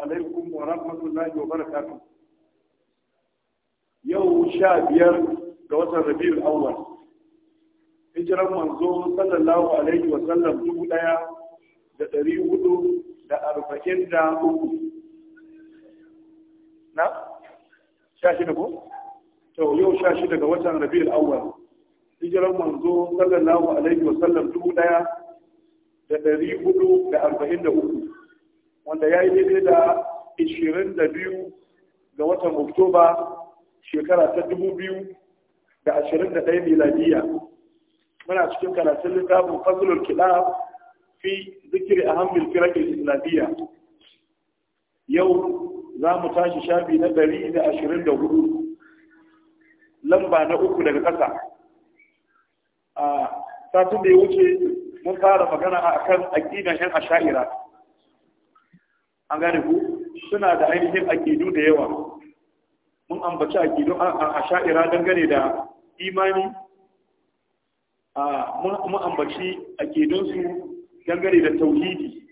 alaikum wa rahmatullahi wa barakatuh yau sha biyar ga watan rabiul awwal hijiran manzo sallallahu alaihi wa sallam dubu daya da dari hudu da arba'in da uku na sha shida ko to yau sha shida ga watan rabiul awwal hijiran manzo sallallahu alaihi wa sallam dubu daya da dari hudu da arba'in da uku wanda ya yi daidai da 22 ga watan oktoba shekara ta 2021 miladiya muna cikin karatun littafin fasulul kiɗa fi zikiri a hamdul firakin islamiyya yau za mu tashi shafi na 124 lamba na uku daga ƙasa a satin da ya wuce mun fara magana a kan aƙidan 'yan asha'ira an gane ku suna da ainihin akidu da yawa mun ambaci akidu a sha'ira dangane da imani mun ambaci aƙidunsu dangane da tauhidi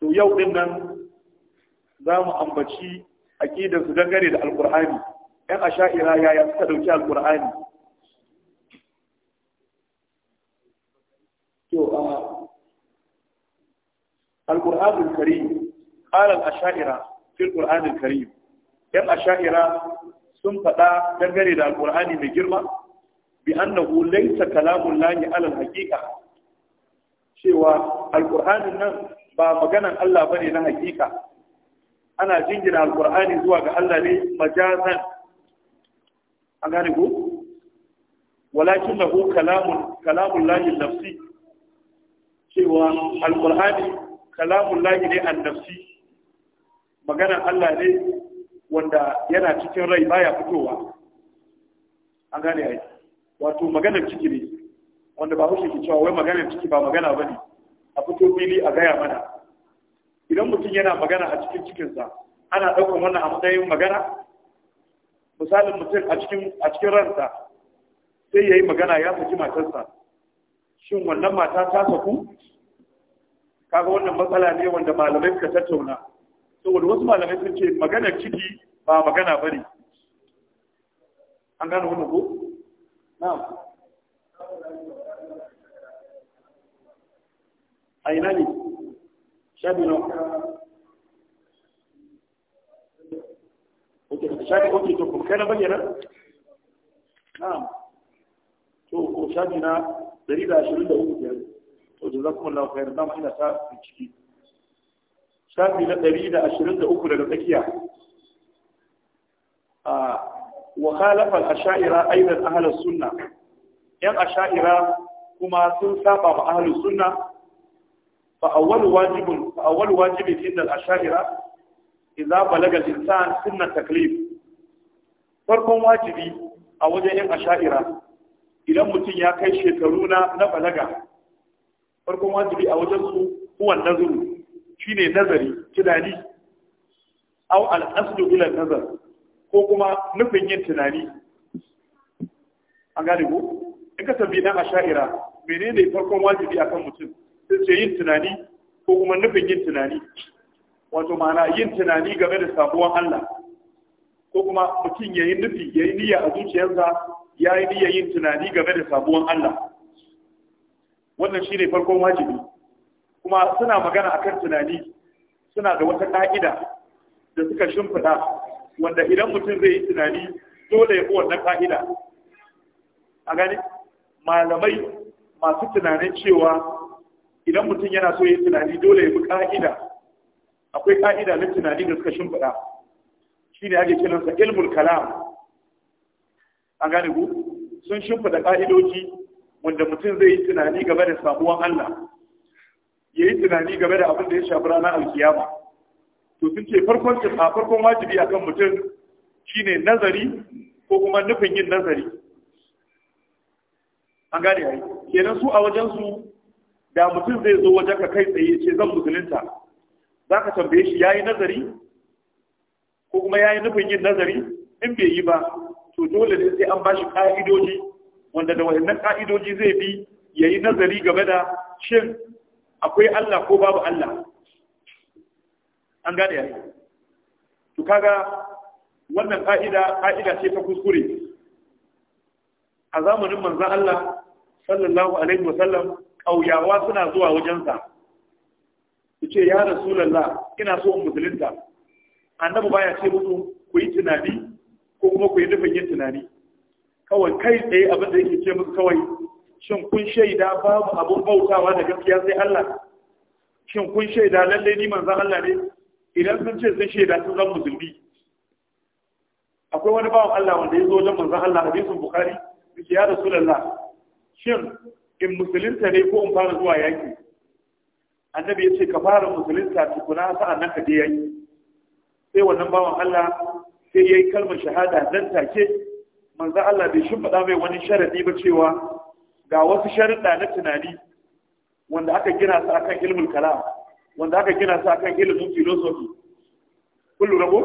to yau din nan za mu ambaci aƙidarsu dangane da alƙur'ani ‘yan a sha'ira yaya suka ɗauki alƙur'ani to alƙur'anin qalal ash'ira fil qur'an al yan ash'ira sun faɗa dangane da alqur'ani mai girma bi annahu laysa kalamun lahi ala al cewa alqur'anin nan ba maganan Allah bane na haqiqa ana jingina alqur'ani zuwa ga Allah ne majazan an gane ko walakin lahu kalamun kalamun cewa kalamun ne a nafsi maganar Allah ne wanda yana cikin rai baya fitowa an gane ai wato maganar ciki ne wanda ba hushe ke cewa wai maganar ciki ba magana ba ne a fito fili a gaya mana idan mutum yana magana a cikin cikinsa ana ɗaukar wannan a matsayin magana misalin mutum a cikin ransa sai ya yi magana ya saki matarsa shin wannan mata ta saku kaga wannan matsala ne wanda malamai suka tattauna saboda wasu malamai sun ce magana ciki ba magana bane an gano wannan ko na'am a ina ne shabi na ok shabi oke to kuma kai na bayyana na'am to ko shabi na 123 to jazakumullahu khairan dama ina ta ciki Safi na 123 daga tsakiya a wa khalafa al-ash'ira aidan ahlus sunna yan ash'ira kuma sun saba ma ahlus suna? fa awwal wajibun fa awwal wajibin inda al-ash'ira idza balaga al-insan sunna taklif farkon wajibi a wajen yan ash'ira idan mutum ya kai shekaru na balaga farkon wajibi a wajen su huwan nazuru shine nazari tunani au al-aslu ila nazar ko kuma nufin yin tunani an gane ko in ka tambayi dan asha'ira menene farkon wajibi akan mutum sai ce yin tunani ko kuma nufin yin tunani wato ma'ana yin tunani game da sabuwan Allah ko kuma mutum ya yi nufi ya yi niyya a zuciyarsa ya yi niyya yin tunani game da sabuwan Allah wannan shi ne farkon wajibi kuma suna magana a kan tunani suna da wata ƙa'ida da suka shimfiɗa wanda idan mutum zai yi tunani dole ya fi wannan ƙa'ida a gani malamai masu tunanin cewa idan mutum yana so ya yi tunani dole ya fi ƙa'ida akwai ƙa'ida na tunani da suka shimfiɗa shi ne ake kiransa ilmul kalam a gani ku sun shimfiɗa ƙa'idoji wanda mutum zai yi tunani game da samuwan Allah ya yi tunani game da abin da ya shafi ranar alkiyama to sun ce farkon a farkon wajibi akan mutum shine nazari ko kuma nufin yin nazari an gane yayi kenan su a wajen su da mutum zai zo wajen ka kai tsaye ce zan musulunta za ka tambaye shi yayi nazari ko kuma yayi nufin yin nazari in bai yi ba to dole ne sai an shi ka'idoji wanda da wayannan ka'idoji zai bi yayi nazari game da shin akwai Allah ko babu Allah an gane to kaga wannan ka'ida ka'ida ce ta kuskure a zamanin manzon Allah sallallahu alaihi wasallam ƙauyawa suna zuwa wajensa su ce ya rasulullah ina so in musulunta annabi baya ce musu ku yi tunani ko kuma ku yi nufin yin tunani kawai kai tsaye abin da yake ce musu kawai shin kun shaida babu abun bautawa da gaskiya sai Allah shin kun shaida lalle ni manzon Allah ne idan sun ce sun shaida sun zan musulmi akwai wani bawan Allah wanda ya zo wajen manzon Allah hadisin bukhari yake ya rasulullah shin in musulunta ne ko in fara zuwa yaki annabi ya ce ka fara musulunta tukuna nan ka je yaki sai wannan bawan Allah sai yayi kalmar shahada nan take manzo Allah bai shimfida mai wani sharadi ba cewa da wasu sharuɗa na tunani wanda aka gina su akan ilmin kalam wanda aka gina su akan ilmin filosofi kullu rabo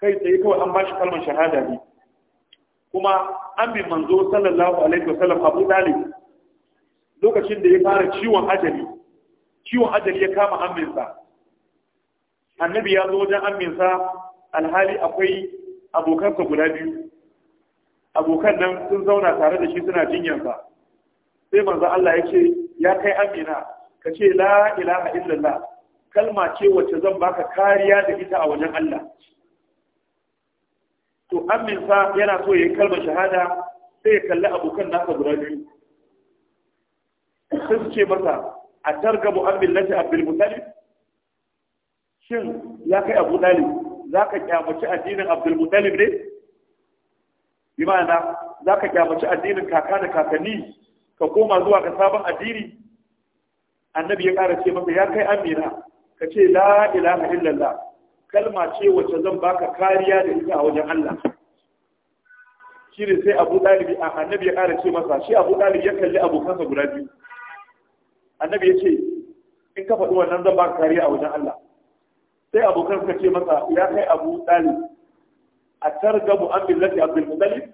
kai tsaye kawai an bashi kalmar shahada ne kuma an bi manzo sallallahu alaihi wasallam Abu Talib lokacin da ya fara ciwon ajali ciwon ajali ya kama amminsa annabi ya zo wajen amminsa alhali akwai abokansa guda biyu abokan nan sun zauna tare da shi suna jinyansa sai manzo Allah ya ce ya kai amina ka ce la ilaha illallah kalma ce wacce zan baka kariya da ita a wajen Allah to amin fa yana so yayin kalmar shahada sai ya kalli abokan nasa guda biyu sai su ce masa a targabu an millati abdul mutalib shin ya kai abu dalib za ka kyamaci addinin abdul mutalib ne bi ma'ana za ka kyamaci addinin kaka da kakanni ka koma zuwa ka sabon addini annabi ya ƙara ce masa, ya kai amina ka ce la ilaha illallah kalma ce wacce zan baka kariya da ita a wajen Allah shi sai abu ɗalibi a annabi ya ƙara ce masa shi abu ɗalibi ya kalli abokansa guda biyu annabi ya ce in ka faɗi wannan zan baka kariya a wajen Allah sai abokan suka ce masa ya kai abu ɗalib a targabu an billati abdul mutalib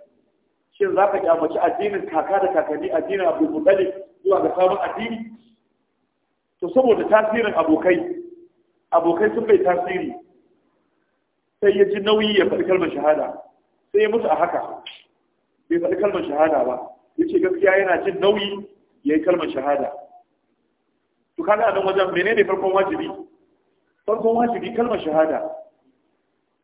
shin za ka kyamaci addinin kaka da kakanni addinin abu mutane zuwa ga sabon addini to saboda tasirin abokai abokai sun bai tasiri sai ya ji nauyi ya faɗi kalmar shahada sai ya mutu a haka bai faɗi kalmar shahada ba ya ce gaskiya yana jin nauyi ya yi kalmar shahada to kaga a nan wajen menene farkon wajibi farkon wajibi kalmar shahada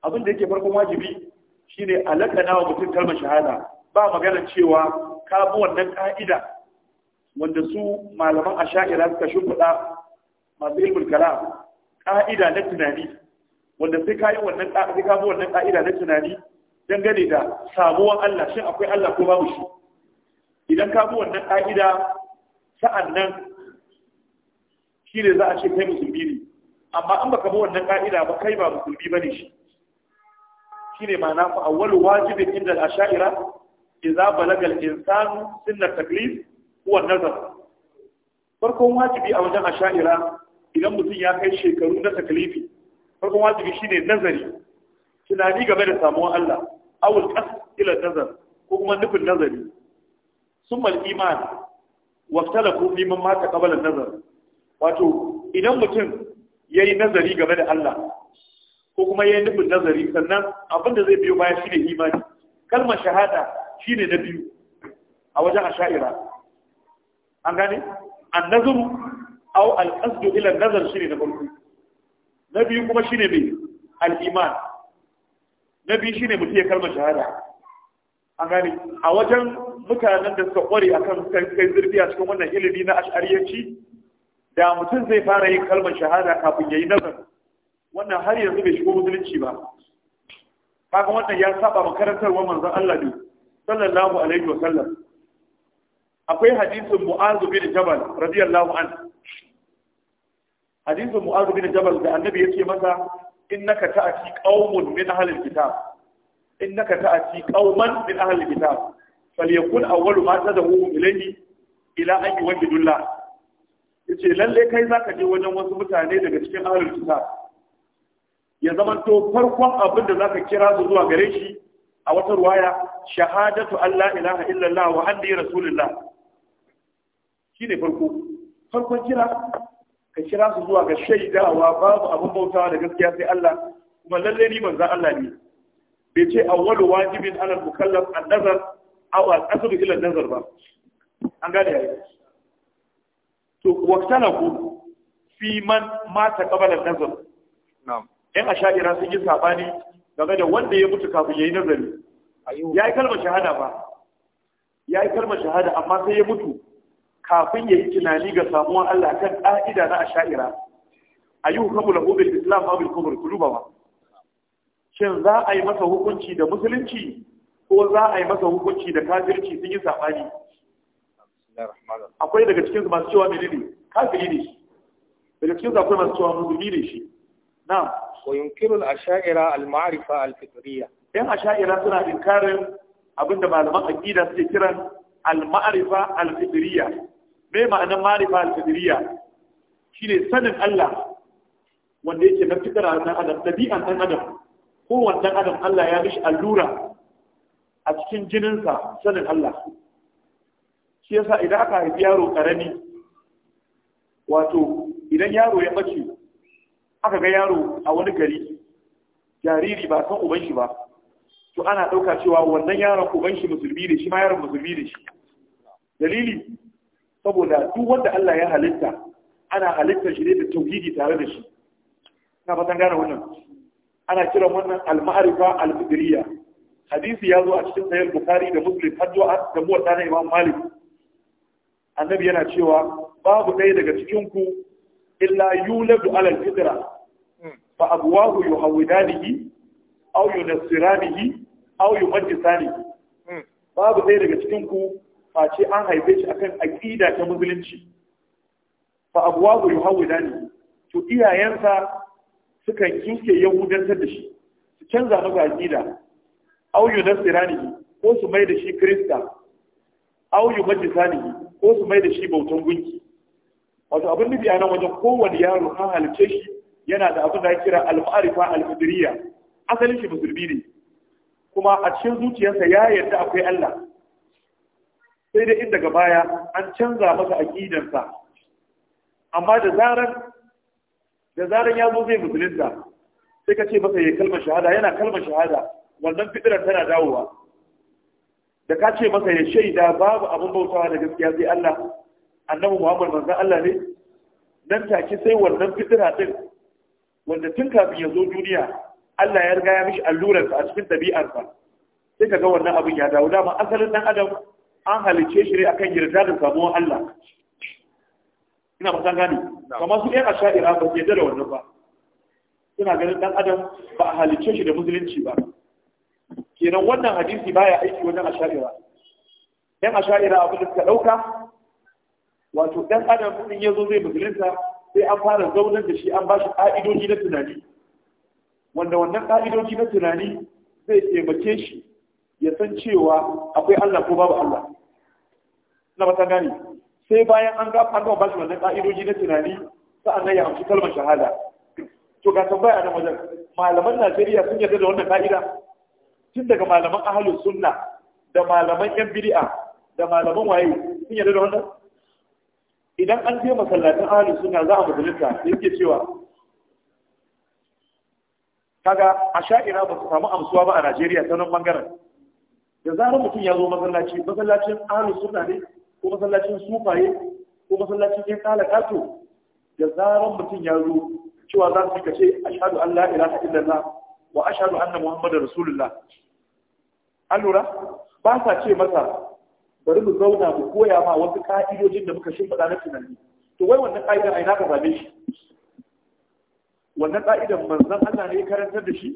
abin da yake farkon wajibi shine alaka nawa wa mutum kalmar shahada ba magana cewa ka bi wannan ka'ida wanda su malaman a Shaira suka shimfiɗa masu ilmin kalam ka'ida na tunani wanda sai ka yi wannan sai ka bi wannan ka'ida na tunani dangane da samuwan Allah shin akwai Allah ko babu shi idan ka bi wannan ka'ida nan, shi ne za a ce kai musulmi ne amma an baka bi wannan ka'ida ba kai ba musulmi bane shi Shi ne ma'ana fa awwalu wajibin inda al-asha'ira Iza balaga al-insanu sinna taklif huwa nazar farkon wajibi a wajen asha'ira idan mutum ya kai shekaru na taklifi farkon wajibi shine nazari tunani game da samuwar Allah awul qas ila nazar ko kuma nufin nazari summa al-iman waftalaku fi man mata nazar wato idan mutum yayi nazari game da Allah ko kuma yayi nufin nazari sannan abinda zai biyo baya shine imani kalmar shahada shine na biyu a wajen asha'ira an gane nazaru aw al-qasdu ila an-nazar shine na farko na biyu kuma shine mai al-iman na biyu shine mutum ya kalmar shahada an gane a wajen mutanen da suka kware akan kai zurfi a cikin wannan ilimi na ash'ariyanci da mutum zai fara yin kalmar shahada kafin yayi nazar wannan har yanzu bai shigo musulunci ba kaga wannan ya saba makarantarwar manzon Allah ne sallallahu alaihi wa sallam akwai hadisin mu'azu bin jabal radiyallahu an hadisin mu'azu bin jabal da annabi yake masa innaka ta'ati qaumun min ahli alkitab innaka ta'ati qauman min ahli alkitab falyakun awwalu ma tadahu ilayhi ila an yuwahidullah yace lalle kai zaka je wajen wasu mutane daga cikin ahli alkitab ya zamanto farkon abin da zaka kira su zuwa gare shi a wata ruwaya shahadatu Allah ilaha illallah wa anni rasulullah ne farko farkon kira ka kira su zuwa ga shaidawa babu abin bautawa da gaskiya sai Allah kuma lalle ni manzon Allah ne bai ce awwalu wajibin ala mukallaf an-nazar aw al asbu ila nazar ba an gane yayi to waqtana ku fi man mata qabala nazar na'am yan asha'ira sun yi sabani daga da wanda ya mutu kafin ya yi nazari ya yi kalmar shahada ba ya yi kalmar shahada amma sai ya mutu kafin ya yi tunani ga samuwar Allah kan ƙa'ida na asha'ira a yi hukamu da hubin islam babu kumar kuluba ba shin za a yi masa hukunci da musulunci ko za a yi masa hukunci da kafirci sun yi saɓani akwai daga cikin masu cewa menene kafiri ne daga cikin akwai masu cewa musulmi ne shi na'am wa yunkiru al yan ash'ira suna inkarin abinda malaman aqida suke kiran al-ma'rifa al-fitriyya me ma'anar ma'rifa al sanin Allah wanda yake na a na adam dabi'an dan adam ko adam Allah ya mishi allura a cikin jininsa sanin Allah shi yasa idan aka haifi yaro karami wato idan yaro ya ɓace. aka ga yaro a wani gari jariri ba san uban shi ba to ana ɗauka cewa wannan yaron uban shi musulmi ne shi ma yaron musulmi ne shi dalili saboda duk wanda Allah ya halitta ana halittar shi ne da tauhidi tare da shi ina fatan gane wannan ana kiran wannan al-ma'rifa al-fikriyya hadisi ya zo a cikin sahih bukhari da muslim har zuwa da muwatta na imam malik annabi yana cewa babu ɗaya daga cikin ku illa yuladu ala al-fitra fa abwahu yuhawidanihi aw yunassiranihi aw yumajjisanihi babu ɗaya daga cikin ku face an haife shi akan aƙida ta musulunci fa abwahu yuhawidanihi to iyayensa sukan kinke yahudantar da shi su canza masa aqida aw yunassiranihi ko su mai da shi krista aw yumajjisanihi ko su mai shi bautan gunki wato abin nufi a nan wajen kowane yaro an halice shi yana da abin da ya kira al-ma'arifa al asalin shi musulmi ne kuma a cikin zuciyarsa ya yarda akwai Allah sai da inda baya an canza masa aqidarsa amma da zarar da zarar ya zo zai musulunta sai ka ce masa ya kalmar shahada yana kalmar shahada wannan fitirar tana dawowa da ka ce masa ya shaida babu abin bautawa da gaskiya sai Allah annabi Muhammad manzon Allah ne nan take sai wannan fitira din wanda tun kafin ya zo duniya Allah ya riga ya mishi sa a cikin sa sai ka ga wannan abin ya dawo dama asalin ɗan adam an halicce shi ne akan yarda da samuwar Allah ina ba san gani kamar su ɗan asha'ira ba ke da wannan ba suna ganin ɗan adam ba a halicce shi da musulunci ba kenan wannan hadisi baya aiki wajen asha'ira ɗan asha'ira abin da suka ɗauka wato ɗan adam in ya zo zai musulunta sai an fara zaunar da shi an ba shi ƙa'idoji na tunani wanda wannan ƙa'idoji na tunani zai taimake shi ya san cewa akwai Allah ko babu Allah na mata gani sai bayan an gafa an ba shi wannan ƙa'idoji na tunani sa'annan ya amshi kalmar shahada to ga tambaya a wajen malaman Najeriya sun yarda da wannan ka'ida tun daga malaman ahlus sunna da malaman yan bid'a da malaman waye sun yarda da wannan idan an je masallatin ahalin suna za a musulunta da yake cewa kaga a sha'ira ba su samu amsuwa ba a najeriya ta nan bangaren da zarar mutum ya zo masallaci masallacin ahalin suna ne ko masallacin sufaye ko masallacin yan kala kato da zarar mutum ya zo cewa za su kace ashhadu an la ilaha illallah wa ashhadu anna muhammadar rasulullah an lura ba sa ce masa bari mu zauna mu koya ma wasu ka'idojin da muka shimfiɗa na tunani to wai wannan ka'idar ai naka same shi wannan ka'idar manzon Allah ne ya karantar da shi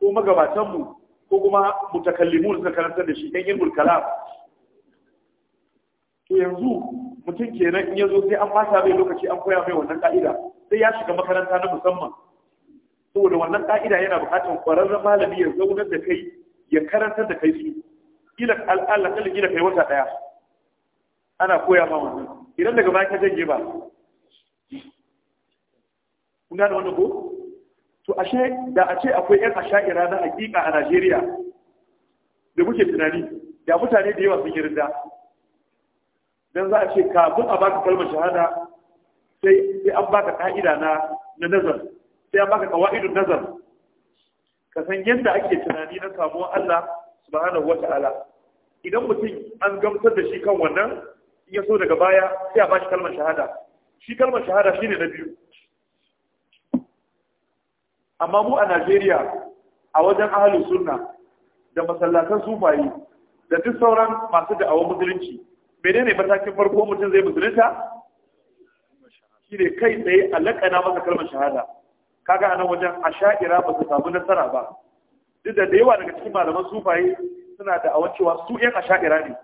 ko magabatan mu ko kuma mutakallimun suka karantar da shi dan ilmul kalam to yanzu mutum kenan in yazo sai an fasa mai lokaci an koya mai wannan ka'ida sai ya shiga makaranta na musamman saboda wannan ka'ida yana buƙatar ƙwararren malami ya zaunar da kai ya karantar da kai su kila Allah kalli kila kai wata daya ana koya ma wannan idan daga baya ka janye ba kun gane wannan ko to ashe da a ce akwai yan asha'ira na hakika a Najeriya da muke tunani da mutane da yawa sun yi rinda dan za a ce kafin a baka kalmar shahada sai sai an baka ka'ida na na nazar sai an baka qawaidun nazar ka san yadda ake tunani na samuwar Allah subhanahu wata'ala idan mutum an gamsar da shi kan wannan ya so daga baya sai a bashi kalmar shahada shi kalmar shahada shine na biyu amma mu a Najeriya a wajen ahalin sunna da masallatan sufayi da duk sauran masu awon musulunci menene matakin farko mutum zai musulunta shi ne kai tsaye a lakana masa kalmar shahada kaga a nan wajen asha'ira ba su samu nasara ba duk da yawa daga cikin malaman sufaye suna da awan cewa su yan asha'ira ne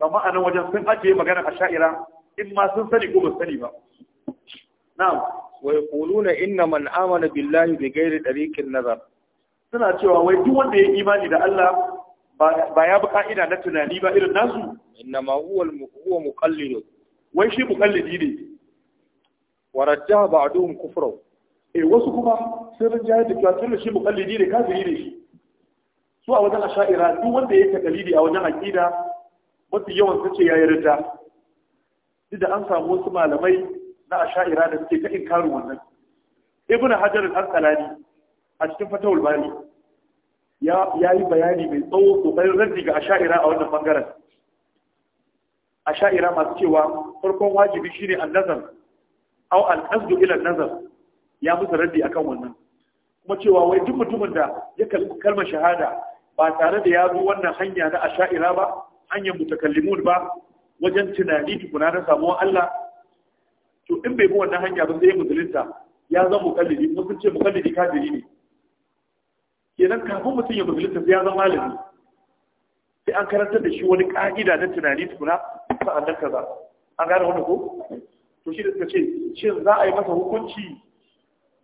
ba a wajen sun ajiye magana asha'ira in ma sun sani ko ba sani ba na'am wa yaquluna inna man amana billahi bi ghairi tariqin nazar suna cewa wai duk wanda ya imani da Allah ba ya bi ka'ida na tunani ba irin nasu inna ma huwa huwa muqallid wai shi muqallidi ne ba a ba'duhum kufurau. E wasu kuma sun rinjayar da kyautar da shi mukallidi ne kafiri ne shi su a wajen asha'ira duk wanda ya takalidi a wajen aqida mafi yawan sun ce yayi ridda duk da an samu wasu malamai na asha'ira da suke ta inkaru wannan ibnu hajar al-asqalani a cikin fatawul bani ya yi bayani mai tsawo kokarin raddi ga asha'ira a wannan bangaren asha'ira masu cewa farkon wajibi shine an-nazar aw al-qasdu ila an-nazar ya musu raddi akan wannan kuma cewa wai duk mutumin da ya kalli kalmar shahada ba tare da ya zo wannan hanya na asha'ira ba hanyar mutakallimun ba wajen tunani tukuna na samuwar Allah to in bai bi wannan hanya ba sai musulunta ya zama mukallidi mun sun ce mukallidi kafiri ne kenan kafin mutum ya musulunta sai ya zama malami sai an karantar da shi wani ka'ida na tunani tukuna nan kaza an gane wannan ko to shi da suka ce shin za a yi masa hukunci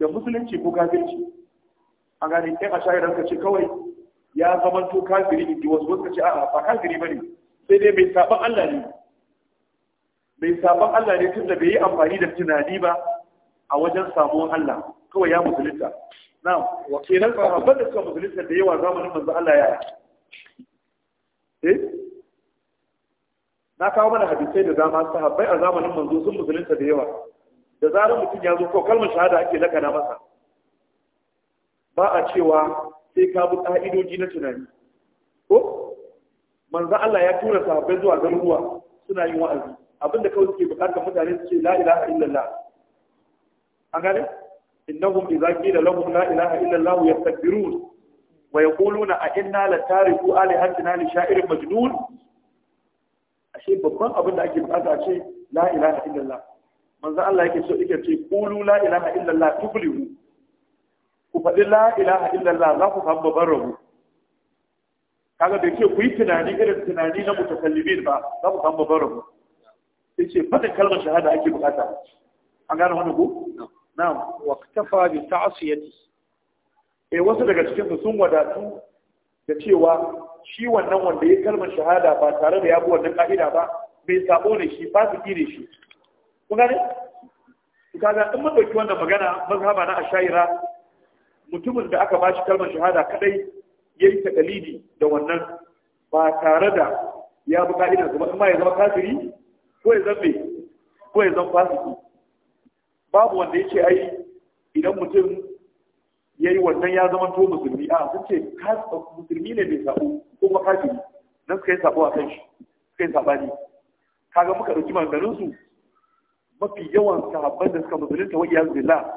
da musulunci ko kafirci a gane ɗan a shayar ka ce kawai ya zama to kafiri in ji wasu wasu ce a'a ba kafiri ba ne sai dai mai saban Allah ne mai saban Allah ne tun da bai yi amfani da tunani ba a wajen samuwan Allah kawai ya musulunta na kenan sahabban da suka musulunta da yawa zamanin manzo Allah ya eh na kawo mana hadisai da zama sahabbai a zamanin manzo sun musulunta da yawa da zarar mutum ya zo ko kalmar shahada ake lakana masa ba a cewa sai ka bi ƙa'idoji na tunani ko manzo Allah ya tura sahabbai zuwa garuruwa suna yin wa'azi abinda kawai suke bukatar mutane su ce la ilaha illallah an gane innahum idza qila lahum la ilaha illallah yastakbirun wa yaquluna a inna la tariku alihatina li sha'irin majnun ashe babban abin da ake bukata ce la ilaha illallah manzo Allah yake so yake ce qulu la ilaha illallah tuflihu ku faɗi la ilaha illallah za ku samu babban rabo kaga da yake ku yi tunani irin tunani na mutakallibin ba za ku samu babban rabo sai ce faɗin kalmar shahada ake bukata an gane wani ku na'am wa kafa bi ta'siyati eh wasu daga cikin su sun wadatu da cewa shi wannan wanda ya kalmar shahada ba tare da ya bi wannan ka'ida ba bai sabo ne shi su ne shi kun gane kaga in mun dauki wannan magana mazhaba na ashaira mutumin da aka bashi kalmar shahada kadai ya yi takalidi da wannan ba tare da ya bi ka'idar ba in ya zama kafiri ko ya zambe ko ya zama fasiki babu wanda ya ce ai idan mutum ya yi wannan ya zama to musulmi a sun ce musulmi ne mai sabo ko makafiri don suka yi sabo a kan shi suka yi sabani kaga muka ɗauki maganganun su mafi yawan sahabban da suka musulunta wa iyaz billah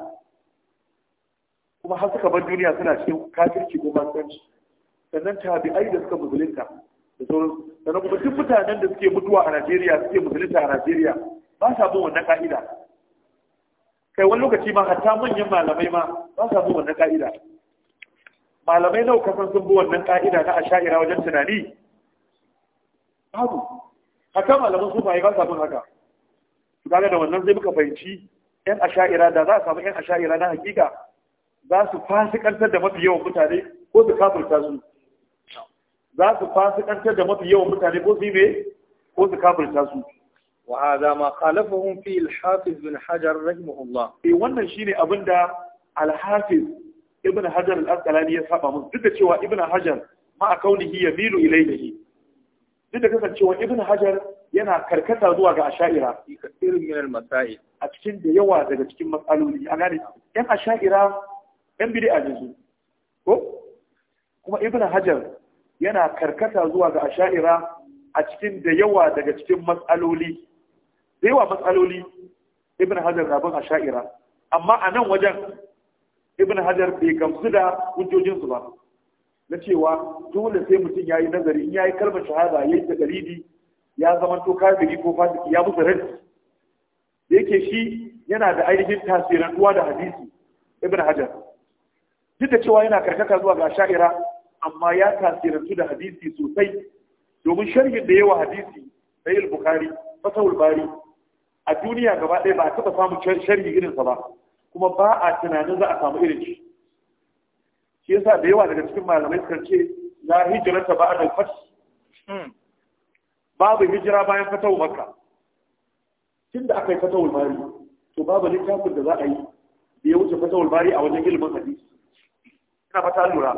kuma har suka bar duniya suna cikin kafirci ko masanci sannan tabi'ai da suka musulunta da sauran sannan kuma duk mutanen da suke mutuwa a Najeriya suke musulunta a Najeriya ba sa bin wannan ka'ida kai wani lokaci ma hatta manyan malamai ma ba sa bin wannan ka'ida malamai nawa kasan sun bi wannan ka'ida na asha'ira wajen tunani babu hatta malaman sufaye ba sa bin haka to kaga da wannan zai muka fahimci yan asha'ira da za a samu yan asha'ira na hakika za su kantar da mafi yawan mutane ko su kafirta su za su kantar da mafi yawan mutane ko su yi me ko su kafirta su wa hadha ma khalafahum fi al-hafiz bin hajar rahimahullah eh wannan shine abinda al-hafiz ibn hajar al-asqalani ya saba musu duk da cewa ibn hajar ma a kaunihi yamilu ilayhi duk da kasancewa ibn hajar yana karkata zuwa ga asha'ira irin yanar Masa'i a cikin da yawa daga cikin matsaloli a gane yan asha'ira yan bid'a a jizu ko kuma ibn hajar yana karkata zuwa ga asha'ira a cikin da yawa daga cikin matsaloli da yawa matsaloli ibn hajar na bin asha'ira amma a nan wajen ibn hajar bai gamsu da hujjojinsu ba na cewa dole sai mutum ya yi nazari in ya yi kalmar shahada ya yi takaridi ya zama to kafiri ko fasiki ya musu rai yake shi yana da ainihin tasirantuwa da hadisi ibn hajar duk cewa yana karkata zuwa ga sha'ira amma ya tasirantu da hadisi sosai domin sharhin da yawa hadisi sai al-bukhari bari a duniya gaba ɗaya ba a taɓa samun sharhi irinsa ba kuma ba a tunanin za a samu irin shi shi yasa da yawa daga cikin malamai suka ce la hijrata ba'da al-fath hmm. babu hijira bayan fatawar makka tun da aka yi fatawar bari to babu littafin da za a yi da ya wuce fatawar bari a wajen ilimin hadisi ina fata lura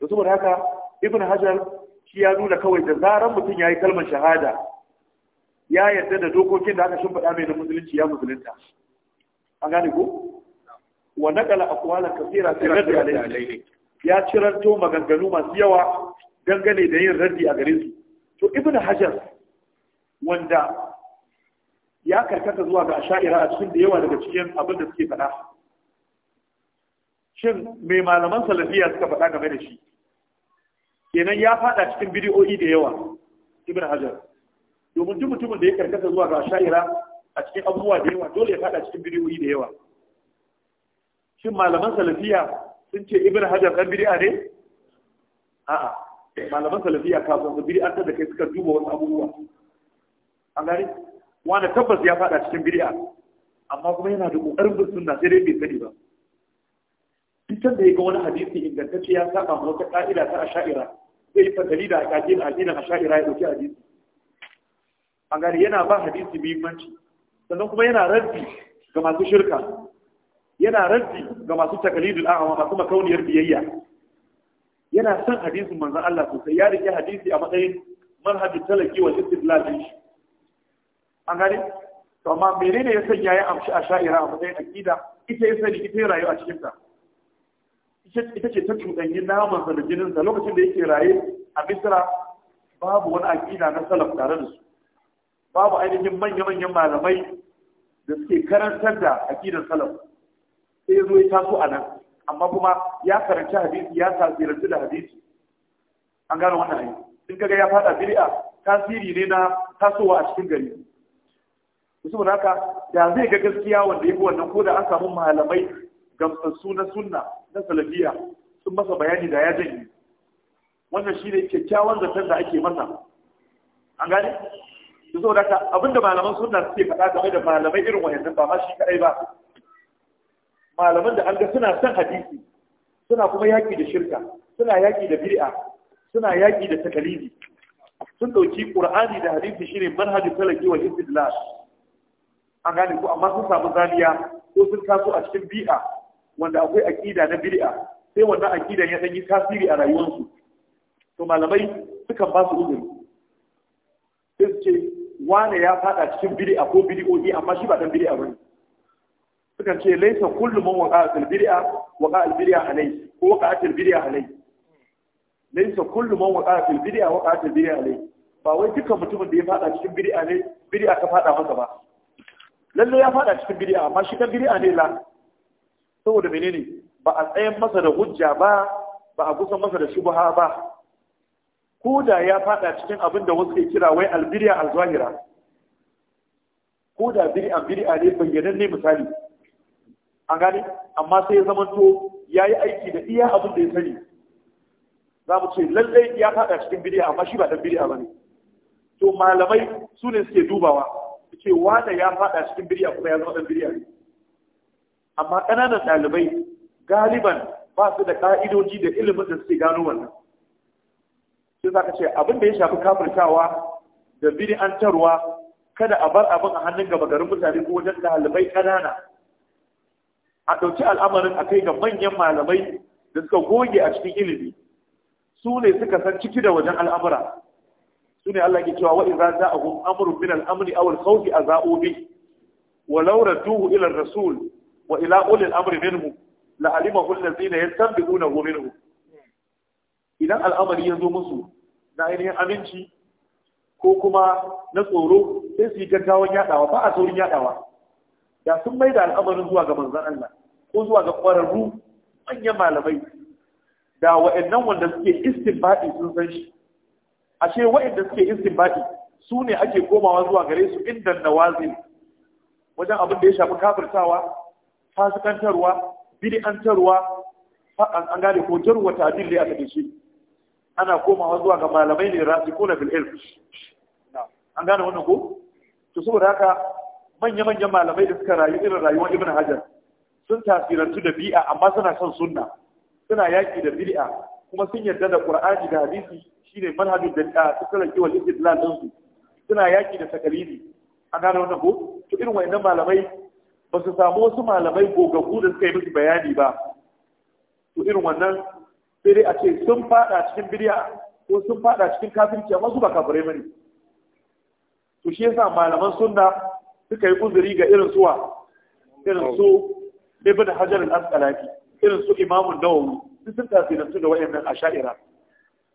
da saboda haka ibn hajar shi ya nuna kawai da zaran mutum ya yi kalmar shahada ya yarda da dokokin da aka shimfiɗa mai na musulunci ya musulunta an gane ko wa nakala aqwala kathira fi raddi alayhi ya ciranto maganganu masu yawa dangane da yin raddi a garin su to ibn hajar wanda ya karkata zuwa ga sha'ira a cikin da yawa daga cikin abin da suke faɗa shin mai malaman salafiya suka faɗa game da shi kenan ya faɗa cikin bidiyoyi da yawa ibn hajar domin duk mutumin da ya karkata zuwa ga sha'ira a cikin abubuwa da yawa dole ya faɗa cikin bidiyoyi da yawa shin malaman salafiya sun ce ibn hajar ɗan bidiya ne a'a malaman salafiya kafin su bid'a da kai suka duba wasu abubuwa an gani wanda tabbas ya fada cikin bid'a amma kuma yana da kokarin bin sunna sai dai bai sani ba Idan da ya ga wani hadisi ingantacce ya saba ma wata ka'ida ta asha'ira zai yi fatali da akadin addinin asha'ira ya dauki hadisi an gani yana ba hadisi muhimmanci sannan kuma yana raddi ga masu shirka yana raddi ga masu takalidul a'ama masu makauniyar biyayya yana son hadisin manzon Allah sosai ya rike hadisi a matsayin manhajin talaki wa istidlal din shi an gani to amma menene ya sanya ya amshi a sha'ira a matsayin akida ita ya sani ita rayu a cikin ta ita ce ta cuɗanyi naman sa da jinin sa lokacin da yake raye a Misra babu wani akida na salaf tare da su babu ainihin manya-manyan malamai da suke karantar da akidan salaf sai yazo ya taso a nan amma kuma ya karanci hadisi ya tasirantu da hadisi an gano wannan ne in kaga ya fada bid'a tasiri ne na tasowa a cikin gari saboda haka da zai ga gaskiya wanda fi wannan ko da an samu malamai gamsassu na sunna na salafiya sun masa bayani da ya janye wannan shi ne kyakkyawan zaton da ake masa an gane saboda haka abinda malaman sunna suke faɗa game da malamai irin wayannan ba ma shi kadai ba malaman da an ga suna son hadisi suna kuma yaki da shirka suna yaƙi da bid'a suna yaki da takalibi sun ɗauki ƙur'ani da hadisi shine manhaji talaki wal istidlal an gane ko amma sun samu zaniya ko sun taso a cikin bi'a wanda akwai aƙida na bid'a sai wannan akidan ya danyi tasiri a rayuwarsu to malamai sukan ba su uzuri sai su ce wane ya fada cikin bid'a ko bid'o'i amma shi ba dan bid'a bane sukan ce laisa kullu man waqa fil bid'a waqa al bid'a alai ko waqa al bid'a alai laisa kullu man waqa fil bid'a waqa al bid'a alai ba wai dukkan mutumin da ya fada cikin bid'a ne bid'a ka fada masa ba lalle ya fada cikin bid'a amma shi kan bid'a ne la saboda menene ba a tsayan masa da hujja ba ba a kusa masa da shubha ba ko da ya fada cikin abin da wasu ke kira wai albiriya alzahira ko da bid'a bid'a ne bayyanan ne misali an gane amma sai ya zamanto ya yi aiki da iya abin da ya sani za mu ce lallai ya faɗa cikin bidiya amma shi ba ɗan bidiya ba ne to malamai su ne suke dubawa su ce wanda ya faɗa cikin bidiya kuma ya zama ɗan bidiya ne amma ƙananan ɗalibai galiban ba su da ƙa'idoji da ilimin da suke gano wannan sai za ka ce abin da ya shafi kafirtawa da bidiyantarwa kada a bar abin a hannun gaba garin mutane ko wajen ɗalibai ƙanana a ɗauki al'amarin a kai ga manyan malamai da suka goge a cikin ilimi su ne suka san ciki da wajen al'amura su ne Allah ke cewa wa'iza za a hun amurin min al'amuri awal sauki a za'obi wa laura duhu ilar rasul wa ila ulil amri minhu la alima hullazi na yasan bi minhu idan al'amari ya zo musu na ainihin aminci ko kuma na tsoro sai su yi gaggawan yaɗawa ba a saurin yadawa da sun mai da al'amarin zuwa ga manzan Allah ko zuwa ga ƙwararru manyan malamai da wa'annan wanda suke baɗi sun san shi ashe wa'anda suke istinbadi su ne ake komawa zuwa gare su inda wazi wajen abin da ya shafi kafirtawa fasikantarwa bid'antarwa an gane ko jarwa abin da aka shi, ana komawa zuwa ga malamai ne rasikuna bil ilm an gane wannan ko to saboda haka manya-manyan malamai da suka rayu irin rayuwar ibn hajar sun tasirantu da bi'a amma suna son sunna suna yaƙi da bid'a kuma sun yarda da qur'ani da hadisi shine manhajin da ta tsara kiwa istidlal din su suna yaƙi da takalidi an gano wannan ko to irin wayannan malamai ba su samu wasu malamai gogaggu da suka yi musu bayani ba to irin wannan sai dai a ce sun fada cikin bid'a ko sun fada cikin kafirci amma su ba kafirai bane to shi yasa malaman sunna suka yi uzuri ga irin suwa irin su ibn hajar al-asqalani irin su imam an-nawawi duk sun tafi da wayannan asha'ira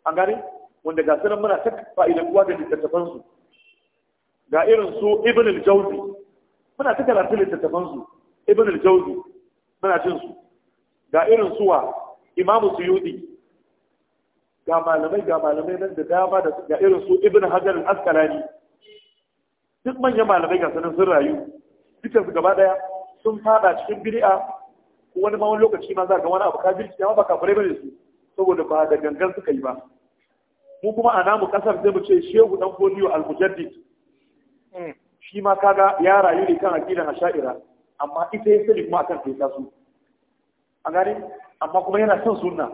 an gane wanda ga sunan muna ta fa'ida kuwa da littattafan su ga irin su ibn al-jawzi muna ta karatu littattafan su ibn al-jawzi muna jin su ga irin suwa imam suyudi ga malamai ga malamai nan da dama da ga irin su ibn hajar al-asqalani duk manyan malamai ga sanin sun rayu dukkan su gaba daya sun fada cikin bid'a wani ma wani lokaci ma za ga wani abu kafirci amma ba fure bane su saboda ba da gangan suka yi ba mu kuma a namu kasar zai mu ce shehu dan fodiyo al-mujaddid hmm. shi ma kaga ya rayu ne kan aqidan sha'ira, amma ita ya sani kuma akan kaita su a gare amma kuma yana son sunna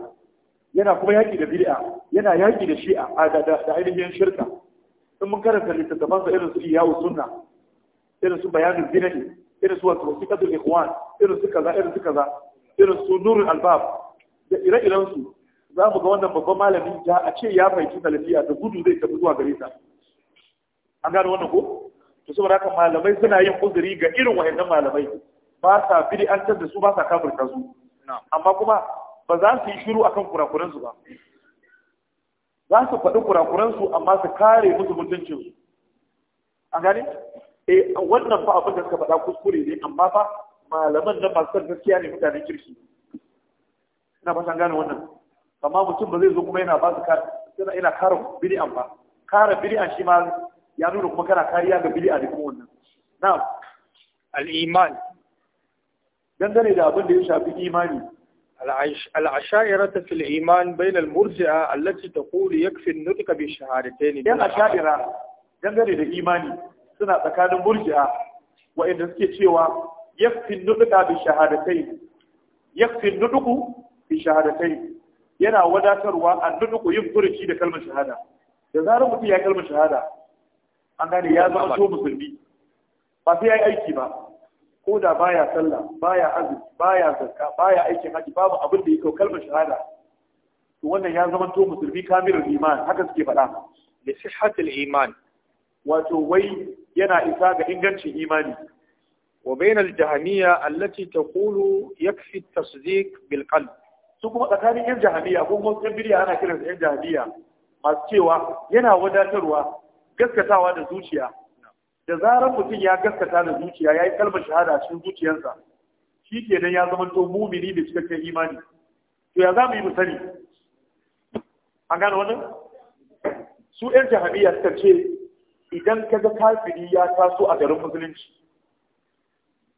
yana kuma yaki da bid'a yana yaki da shi'a da ainihin shirka sun mun karanta littattafan su irin su iya sunna irin su bayanin dinani irin su wasu kadar ikhwan irin su kaza irin su kaza irin su nurul albab da ire-iren su za mu ga wannan babban malami da a ce ya fahimci salafiya da gudu zai tafi zuwa gare ta an gano wannan ko to saboda haka malamai suna yin uzuri ga irin wayannan malamai ba sa bid'antar da su ba sa kafirta su amma kuma ba za su yi shiru akan kurakuran su ba za su faɗi kurakuransu amma su kare musu mutuncinsu a gane eh wannan fa abin da suka faɗa kuskure ne amma fa malaman na masu san gaskiya ne mutanen kirki ina ba san gane wannan amma mutum ba zai zo kuma yana ba su kare yana ina kare bid'an ba kare bid'an shi ma ya nuna kuma kana kariya ga bid'a da kuma wannan Na al-iman dangane da abin da ya shafi imani العشائرة في الإيمان بين المرجئة التي تقول يكفي النطق بالشهادتين دين العشائرة dangane da imani suna tsakanin murji'a wa'inda suke cewa yakfi nuduka bi shahadatai yakfi nuduku bi shahadatai yana wadatarwa a nuduku yin furuci da kalmar shahada da zarar mutum ya kalmar shahada an gane ya zama to musulmi ba sai ya yi aiki ba ko da baya sallah baya azumi baya zakka baya aikin haji babu abin da ya kau kalmar shahada to wannan ya zama to musulmi kamilul iman haka suke faɗa da sihhatul iman wato wai yana isa ga ingancin imani wa bainal jahamiyya allati taqulu yakfi at-tasdiq bil qalb su kuma tsakanin yan jahamiyya ko kuma yan bid'a ana kiransa yan jahamiyya masu cewa yana wadatarwa gaskatawa da zuciya da zarar mutum ya gaskata da zuciya ya yi kalmar shahada cikin zuciyarsa shi kenan ya zama to mumini da cikakken imani to ya za mu yi mu sani an gane wannan su yan jahamiyya suka ce idan ka ga kafiri ya taso a garin musulunci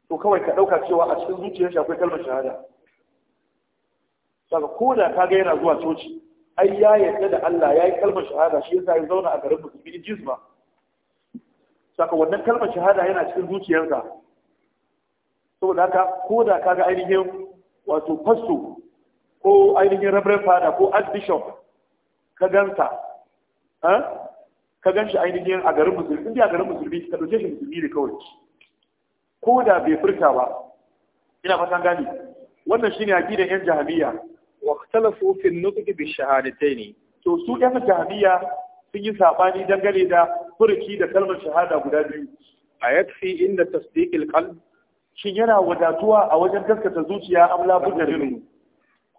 to kawai ka ɗauka cewa a cikin shi akwai kalmar shahada saka ko da ka ga yana zuwa coci ai ya yarda da Allah ya yi kalmar shahada shi yasa ya zauna a garin musulmi in jizma saka wannan kalmar shahada yana cikin zuciyarka saboda haka ko da kaga ainihin wato fasto ko ainihin reverend fada ko archbishop ka ganta ka gan shi ainihin a garin musulmi inda a garin musulmi ka ɗauke shi musulmi ne kawai ko da bai furta ba ina fatan gani wannan shine aqidar yan jahamiya wa talafu fi an bi shahadatai ne to su yan jahamiya sun yi sabani dangane da Furki da kalmar shahada guda biyu a yakfi inda tasdiqil qalb shin yana wadatuwa a wajen gaskata zuciya amla bujarin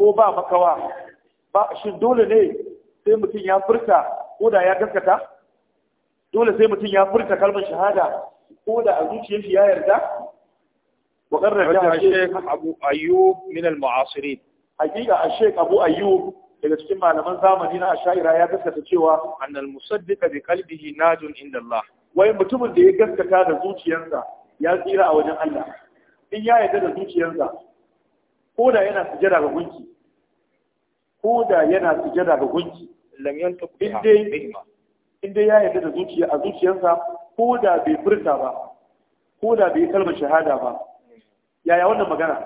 ko ba makawa ba shin dole ne sai mutum ya furta ko da ya gaskata dole sai mutum ya furta kalmar shahada ko da a zuciyar shi ya yarda wa da shi abu ayyub min al-mu'asirin hakika a shaykh abu ayyub daga cikin malaman zamani na ashaira ya gaskata cewa annal musaddiqa bi qalbihi najun inda Allah wai mutumin da ya gaskata da zuciyarsa ya tsira a wajen Allah in ya yarda da zuciyarsa ko da yana sujada ga gunki ko da yana sujada ga gunki lam yantuq biha in dai ya yarda da zuciya a zuciyarsa ko da bai furta ba ko da bai kalmar shahada ba hmm. yaya wannan magana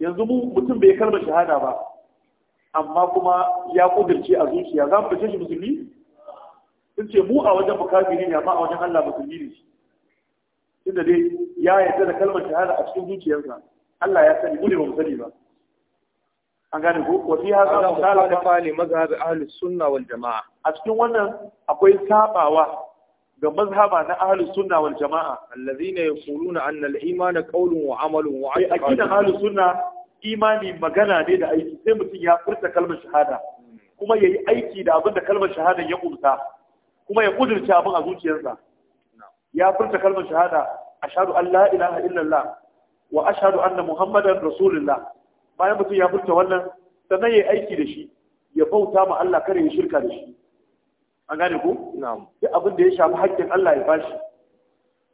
yanzu mu mutum bai kalmar shahada ba amma kuma ya kudurce a zuciya za mu fice shi musulmi sun ce mu a wajen mukafiri ne amma a wajen Allah musulmi ne Inda dai ya yarda da kalmar shahada a cikin zuciyarsa Allah ya sani mu ne ba mu sani ba an gane ko wa fi hadha da fali mazhab ahli sunna wal jamaa a cikin wannan akwai sabawa ga mazhaba na ahli sunna wal jamaa alladhina yaquluna anna al imana qawlun wa amalun wa aqidan ahli sunna imani magana ne da aiki sai mutum ya furta kalmar shahada kuma ya yi aiki da abin da kalmar shahada ya kumsa kuma ya kudurce abin a zuciyarsa ya furta kalmar shahada ashhadu an la ilaha illallah wa a ashhadu anna muhammadan rasulullah bayan mutum ya furta wannan sannan ya yi aiki da shi ya bauta ma Allah kare ya shirka da shi an gane ku na'am duk abin da ya shafi haƙƙin Allah ya bashi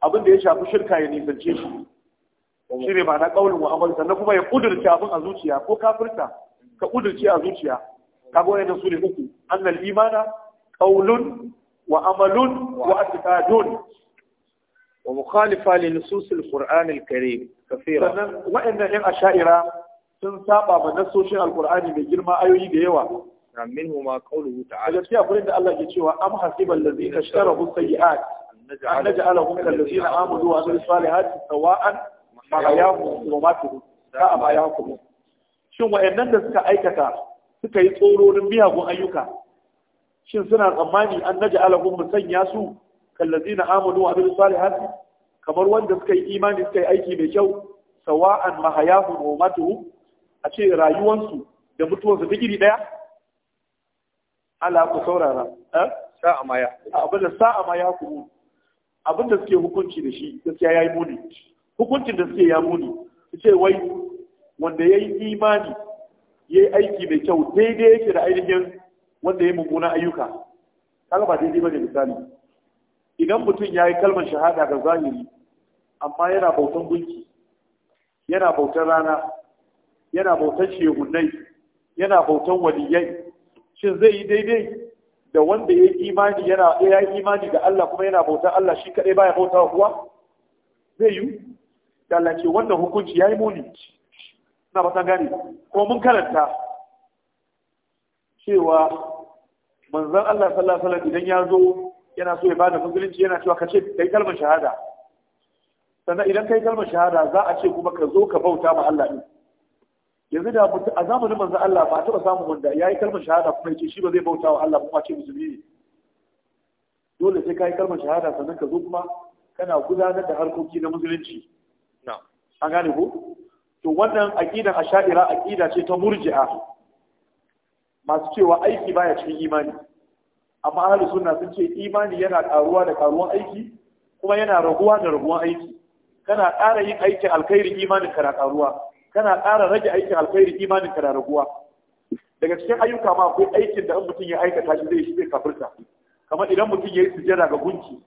abin da ya shafi shirka ya nisance shi shi ne ba na ƙaunin wa amal sannan kuma ya ƙudurci abin a zuciya ko kafirta ka ƙudurci a zuciya ka goya da su ne uku annal imana ƙaunun wa amalun wa atikadun wa mukhalifa li nususil qur'anil karim kafira sannan wa'annan yan asha'ira sun saba ba nasoshin alqur'ani mai girma ayoyi da yawa منهما قوله تعالى gaskiya gurin da Allah ke cewa am hasibal ladzina ishtarahu sayyi'at an naj'alahum kal ladzina amanu wa amilus salihati sawa'an ayahu wa matu ka aba yakum shin wayannan da suka aikata suka yi tsororin miyagun ayyuka shin suna tsammani an naj'alahum sanya su kallazina Amadu wa amilus salihati kamar wanda suka yi imani suka yi aiki mai kyau sawa'an mahayahu wa matu a ce rayuwansu da mutuwansu ta iri ɗaya? ala ku saurara eh? sa'a ma ya abinda sa'a ma ya kuma abinda suke hukunci da shi gaskiya yayi muni hukuncin da suke ya muni su ce wai wanda ya yi imani ya yi aiki mai kyau daidai yake da ainihin wanda ya mummuna ayyuka kaga ba daidai bane misali idan mutum ya yi kalmar shahada ga zahiri amma yana bautan gunki yana bautan rana yana bautan shehunai yana bautan waliyai shin zai yi daidai da wanda ya imani yana ya yi imani ga Allah kuma yana bautan Allah shi kadai baya bauta kuwa zai yi da Allah ce wannan hukunci ya yi muni na ba gani. ko mun karanta cewa manzan Allah sallallahu alaihi idan ya zo yana so ya bada musulunci yana cewa ka ce kai kalmar shahada sannan idan kai kalmar shahada za a ce kuma ka zo ka bauta ma Allah ne yanzu da a zamanin manzan Allah ba taɓa samun wanda ya yi kalmar shahada kuma ya ce shi ba zai bauta wa Allah kuma ce musulmi ne dole sai ka yi kalmar shahada sannan ka zo kuma kana gudanar da harkoki na musulunci an gane ko to wannan aqidan asha'ira aqida ce ta murji'a masu cewa aiki baya cikin imani amma ahlus sunna sun ce imani yana karuwa da karuwan aiki kuma yana raguwa da raguwan aiki kana ƙara yin aikin alkhairi imanin ka na karuwa kana ƙara rage aikin alkhairi imanin ka na raguwa daga cikin ayyuka ma akwai aikin da mutum ya aikata shi zai shi zai kafirta kamar idan mutum ya yi sujjada ga gunki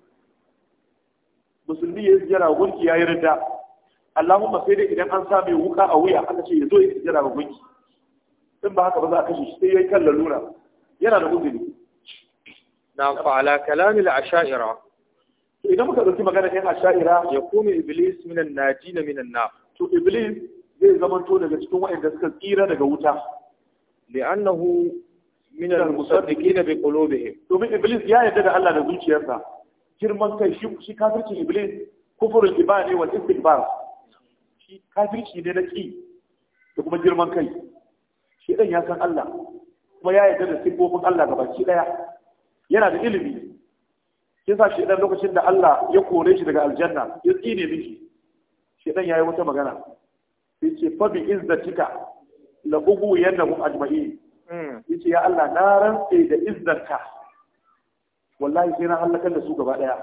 musulmi ya yi sujjada ga gunki ya yi Allahumma sai dai idan an same wuka a wuya aka ce ya zo ya sujjada ga gunki in ba haka ba za a kashe shi sai yayi kan lalura yana da uzuri na fa ala kalam al ashaira to idan muka dauki magana ɗin ashaira ya kuma iblis min an najina min an nar to iblis zai zamanto daga cikin waɗanda suka tsira daga wuta li'annahu min al-musaddiqina bi qulubihim domin iblis ya yadda da Allah da zuciyarsa girman kai shi shi kafircin iblis kufurin ibadi wal istikbar shi kafirci ne na ƙi da kuma girman kai shi ɗan ya san Allah kuma ya yarda da siffofin Allah gabaki ɗaya yana da ilimi yasa shi ɗan lokacin da Allah ya kore shi daga aljanna ya tsine miki shi ɗan ya yi wata magana sai ce fa bi izzatika la ugu yannahum ajma'in hmm. yace ya Allah na rantse da izzarka wallahi sai na halakar da su gaba ɗaya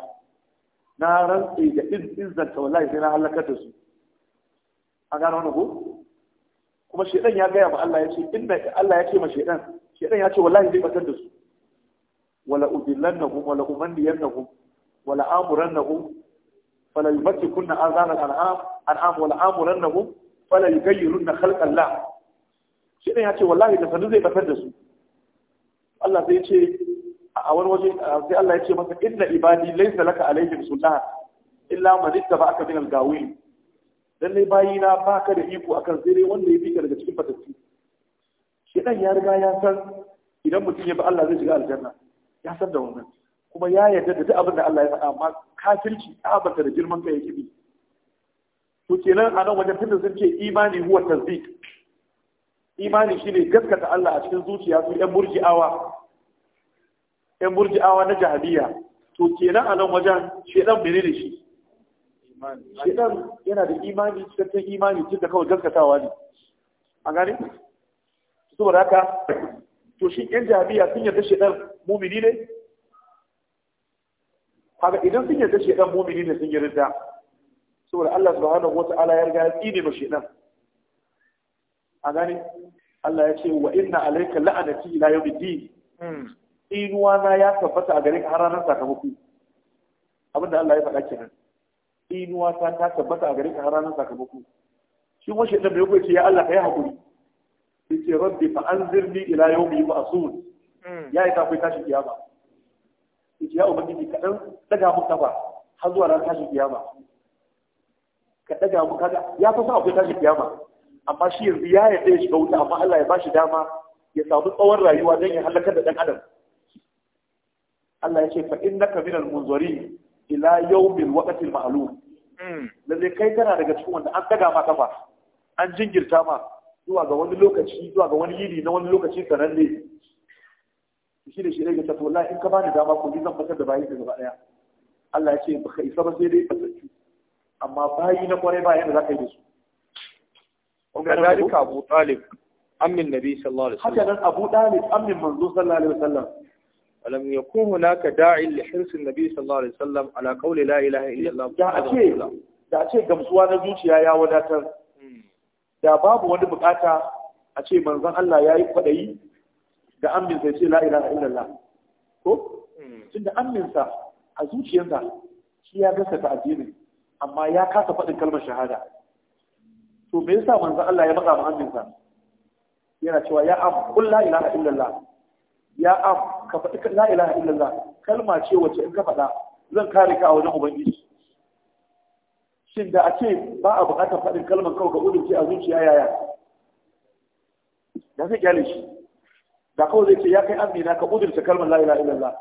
na rantse da izzarka wallahi sai na halakar da su an gano wani ko kuma shedan ya gaya ma Allah ya ce inda Allah ya ce ma shedan shedan ya ce wallahi zai batar da su wala udillannahum wala umanniyannahum wala amurannahum fala kunna azana al'am al'am wala amurannahum fala yughayyirunna khalqallah shedan ya ce wallahi da sanu zai batar da su Allah zai ce a wani waje sai Allah ya ce masa inna ibadi laysa laka alaihim sultan illa man ittaba'aka min al-gawin dai bayi na baka da iko akan sai dai wanda ya fika daga cikin shi dan ya riga ya san idan mutum ya bi Allah zai shiga aljanna ya san da wannan kuma ya yarda da duk abin da Allah ya faɗa amma kafirci tsabata da girman kai yake bi to kenan a nan wajen tunda sun ce imani huwa tasdiq imani shine gaskata Allah a cikin zuciya su yan murji'awa yan murji'awa na jahiliya to kenan a nan wajen shedan menene shi shedan yana da imani cikakken imani cikin kawai gaskatawa ne a gani? Su haka to shi yan jami'a sun yarda shedan mumini ne haka idan sun yarda shedan mumini ne sun yi rinta, saboda Allah subhanahu wata'ala ya riga ya tsine ma shedan a gani? Allah ya ce wa inna alaika la'anati ila yawmiddin hmm. inuwa na ya tabbata a gare ka har ranar sakamako abinda Allah ya faɗa kenan inuwa ta ta tabbata a gare ka har ranar sakamako shi kuma shi ɗan bai ce ya Allah ka yi haƙuri sai ce rabbi fa anzirni ila yawmi yub'asun mm. ya yi kafin tashi kiyama sai ce ya ubangiji ka dan daga mun kafa har zuwa ran tashi kiyama ka daga mun kaga ya fa sa akwai tashi kiyama amma shi yanzu ya yarda ya shiga wuta amma Allah ya bashi dama ya samu tsawon rayuwa don ya halakar da ɗan adam Allah ya ce fa innaka minal munzirin ila yawmil waqtil ma'lum hmm. lalle kai kana daga cikin wanda an daga ma kafa an jingirta ma zuwa ga wani lokaci zuwa ga wani yini na wani lokaci sananne shi da shi ne ga tafi in ka bani dama ko zan fitar da bayi gaba daya Allah ya ce baka isa ba sai dai fatattu amma bayi na kwarai da yadda ka yi da su kadhalika abu talib amin nabi sallallahu alaihi wasallam haka nan abu talib amin manzo sallallahu alaihi wasallam alam yakun hunaka da'in li hirsin nabi sallallahu alaihi wasallam ala qawli la ilaha illallah da ake da ce gamsuwa na zuciya ya wadatar da babu wani bukata a ce manzon Allah ya yi kwaɗayi da amin sai ce la ilaha illallah ko tunda aminsa a zuciyarsa shi ya gasa ta addinin amma ya kasa faɗin kalmar shahada to me yasa manzon Allah ya matsa mu aminsa yana cewa ya am qul la ilaha illallah ya am ka faɗi la ilaha illallah kalma ce wacce in ka faɗa zan kare ka a wajen ubangiji shin da a ce ba a buƙatar faɗin kalmar kawai ka udurce a zuciya yaya da zai kyale shi da kawai zai ce ya kai amina ka udurce kalmar la ilaha illallah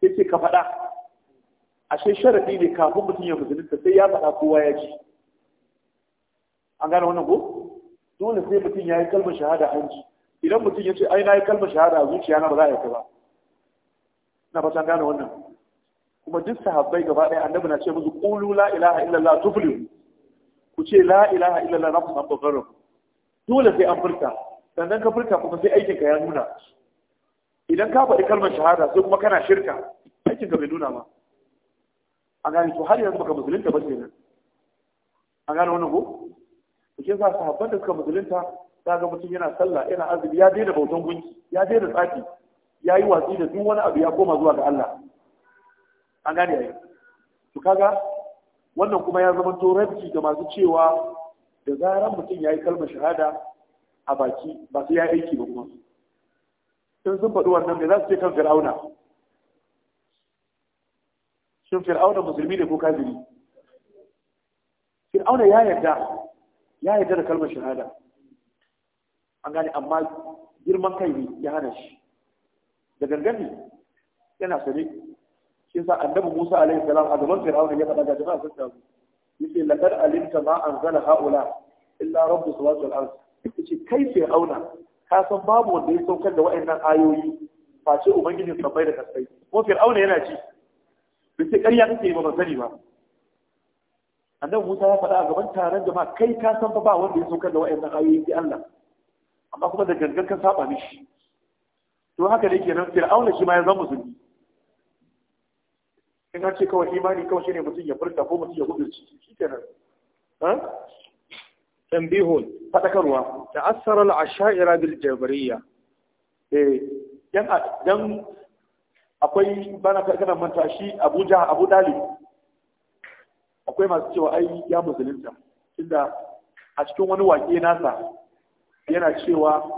sai ce ka faɗa ashe sharadi ne kafin mutum ya musulunta sai ya faɗa kowa ya ji an gane wannan ko dole sai mutum ya yi kalmar shahada an ji idan mutum ya ce ai na yi kalmar shahada a zuciya na ba za a yi ba na fasan gane wannan kuma duk sahabbai gaba ɗaya annabi na ce musu qulu la ilaha illallah tuflihu ku ce la ilaha illallah na kusan bakarun dole sai an furta sannan ka furta kuma sai aikinka ya nuna idan ka faɗi kalmar shahada sai kuma kana shirka aikinka bai nuna ma a gane to har yanzu baka musulunta ba ce nan a gane wannan ko ku ce za su habban da suka musulunta kaga mutum yana sallah yana azumi ya daina bautan gunki ya daina tsaki ya yi watsi da duk wani abu ya koma zuwa ga Allah an gane yayi to kaga wannan kuma ya zama rabci ga masu cewa da zaran mutum ya yi kalmar shahada a baki ba sai ya aiki ba kuma sun sun faɗi wannan me za su ce kan fir'auna shin fir'auna musulmi ne ko kafiri fir'auna ya yarda ya yarda da kalmar shahada an gane amma girman kai ne ya hana shi da gangane yana sani shi sa annabi Musa alaihi salam a gaban Fir'auna ya faɗa ga jama'a sun tabu yace laqad alimta ma anzala haula illa rabbus samawati wal ard yace kai Fir'auna ka san babu wanda ya saukar da wa'annan ayoyi face ubangijin sabai da kasai ko Fir'auna yana ci bisa ƙarya kake yi ba ban sani ba annabi Musa ya faɗa a gaban taron jama'a kai ka san fa ba wanda ya saukar da wa'annan ayoyi sai Allah amma kuma da gangan kan saba mishi to haka ne kenan fir'auna shi ma ya zama musulmi in an ce kawai imani kawai shine mutum ya furta ko mutum ya gudurci shi kenan tambihun fadakarwa ta'assar al-ashaira bil jabriyya eh dan dan akwai bana kana manta shi Abuja Abu Dalib akwai masu cewa ai ya musulunta inda a cikin wani waƙe nasa yana cewa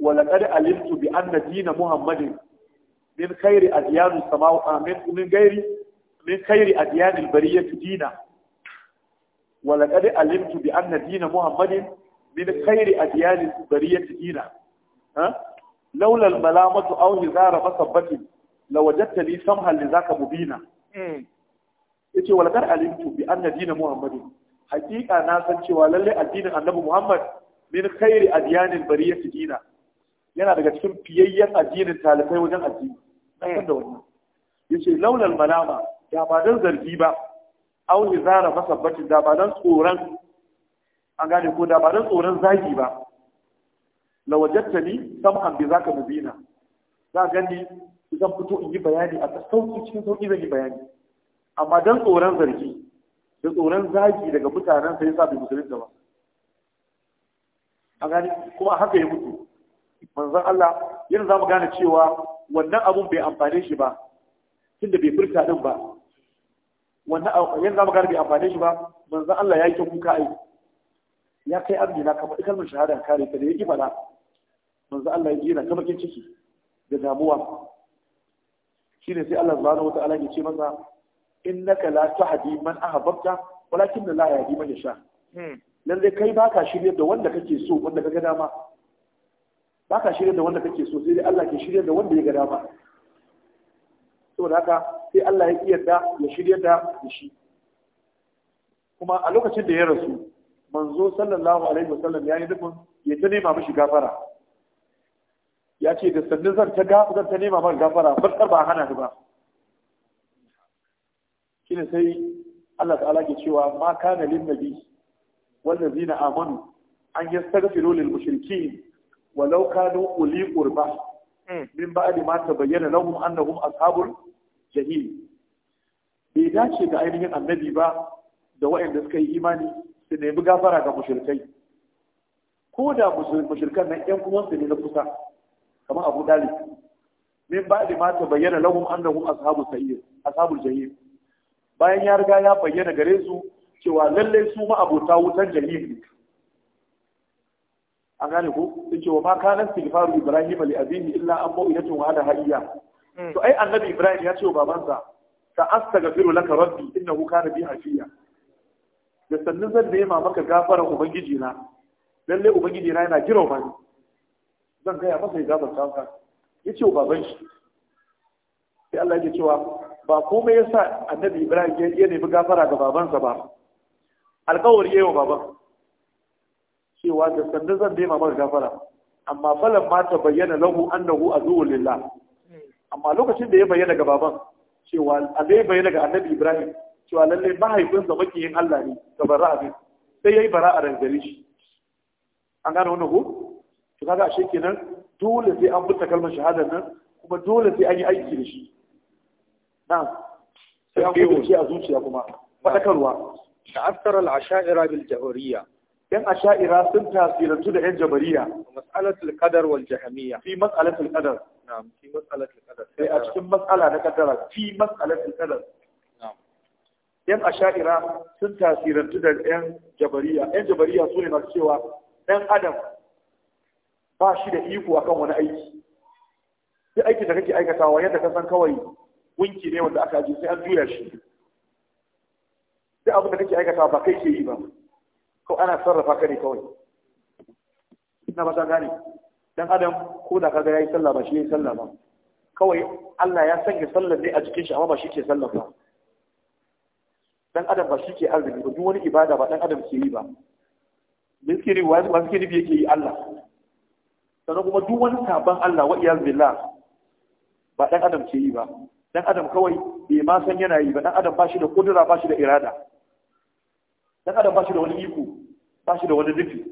walaqad alimtu bi anna dina muhammadin min khairi adyani samawa ah, min min gairi min khairi adyani bariyati dina walaqad alimtu bi anna dina muhammadin min khairi adyani bariyati dina ha لولا الملامة أو هزار مصبتي لوجدت لي سمها لذاك مبينا yace walakar alimtu bi anna dina muhammadin haqiqa na san cewa lalle addinin annabi muhammad min khairi adyanil bariyati dina yana daga cikin fiyayyen addinin talibai wajen addini san da wannan yace laulal malama da ba dan zargi ba aw izara masabbacin da ba dan tsoron an gane ko da ba dan tsoran zagi ba lawajattani sam'an bi zaka mubina za gani zan fito in yi bayani a sauki cikin sauki zan yi bayani amma dan tsoron zargi da tsoron zagi daga mutanen sai yasa bai musulunta ba a gani kuma haka ya mutu manzon Allah yanzu za mu gane cewa wannan abun bai amfane shi ba tunda bai furta din ba wannan yanzu za mu gane bai amfane shi ba manzon Allah ya yi kuka ai ya kai amina kamar kalmar shahada kare ta da ya ibala manzon Allah ya ji na kamar ciki da damuwa shine sai Allah subhanahu wataala ya ce masa innaka la tahdi man ahbabta walakin la yahdi man yasha hmm. dai kai ba ka shirye da wanda kake so wanda ka ga dama ka shirye da wanda kake so sai dai Allah ke shirye da wanda ya ga dama saboda haka sai Allah ya kiyarda ya shirye da shi kuma a lokacin da ya rasu manzo sallallahu alaihi wasallam ya yi nufin ya ta nema mishi gafara ya ce da sannin zan ta gafara zan ta nema maka gafara barkar ba hana ni ba shine sai Allah ta'ala ke cewa ma kana lin nabi wallazina amanu an yastaghfiru lil mushrikeen walau kanu uli qurba min ba'di ma tabayyana lahum annahum ashabul jahim bai dace da ainihin annabi ba da waɗanda suka yi imani su nemi gafara ga mushrikai ko da mushrikan nan ƴan uwansu ne na kusa kamar Abu Dalib min ba'di ma tabayyana lahum annahum ashabul sa'ir ashabul jahim bayan ya riga ya bayyana gare su cewa lallai su ma'abota wutan jahim ne an gane ko sun cewa wa ma kanan istighfaru ibrahim Ali abihi illa an mu'inatun wa ala hayya hmm. to ai annabi ibrahim ya ce wa babansa ta astaghfiru laka rabbi innahu kana bi hafiya da sannan zan nema maka gafara ubangiji na lalle ubangiji na yana jira mani zan gaya masa ya gafarta maka ya ce wa baban shi sai Allah ya ce cewa ba komai yasa annabi ibrahim ya nemi gafara ga babansa ba alkawar yi wa baban cewa da sandan zan dai mamar gafara amma falan ma ta bayyana lahu annahu zuwa lillah amma lokacin da ya bayyana ga baban cewa a zai bayyana ga annabi ibrahim cewa lalle mahaifinsa yin allah ne ga bara abin sai ya yi bara a rangare shi an gane wannan ko to kaga ashe kenan dole sai an buta kalmar shahadar nan kuma dole sai an yi aiki da shi Na, sai an kudu shi a zuciya kuma faɗakarwa ta'assara al-asha'ira bil yan asha'ira sun tasirantu da yan jabariya fi mas'alatul qadar sai a cikin mas'ala na qadara yan asha'ira sun tasirantu da yan jabariya yan jabariya su ne masu cewa adam ba shi da iko akan wani aiki sai aikin da kake aikatawa yadda ka san kawai wunki ne wanda aka je sai an juya shi duka abin da kake aikata ba kai ke yi ba ko ana sarrafa ka ne kawai ina ba ta gane dan adam ko da kaga yayi sallah ba shi yayi sallah ba kawai Allah ya sanya sallar ne a jikin shi amma ba shi ke sallar ba dan adam ba shi ke arziki ba duk wani ibada ba dan adam ke yi ba miskiri wa wa ke bi yake yi Allah sannan kuma duk wani saban Allah wa iyaz billah ba dan adam ke yi ba dan adam kawai bai ma san yana yi ba dan adam ba shi da kudura ba shi da irada dan adam ba shi da wani iko ba shi da wani zufi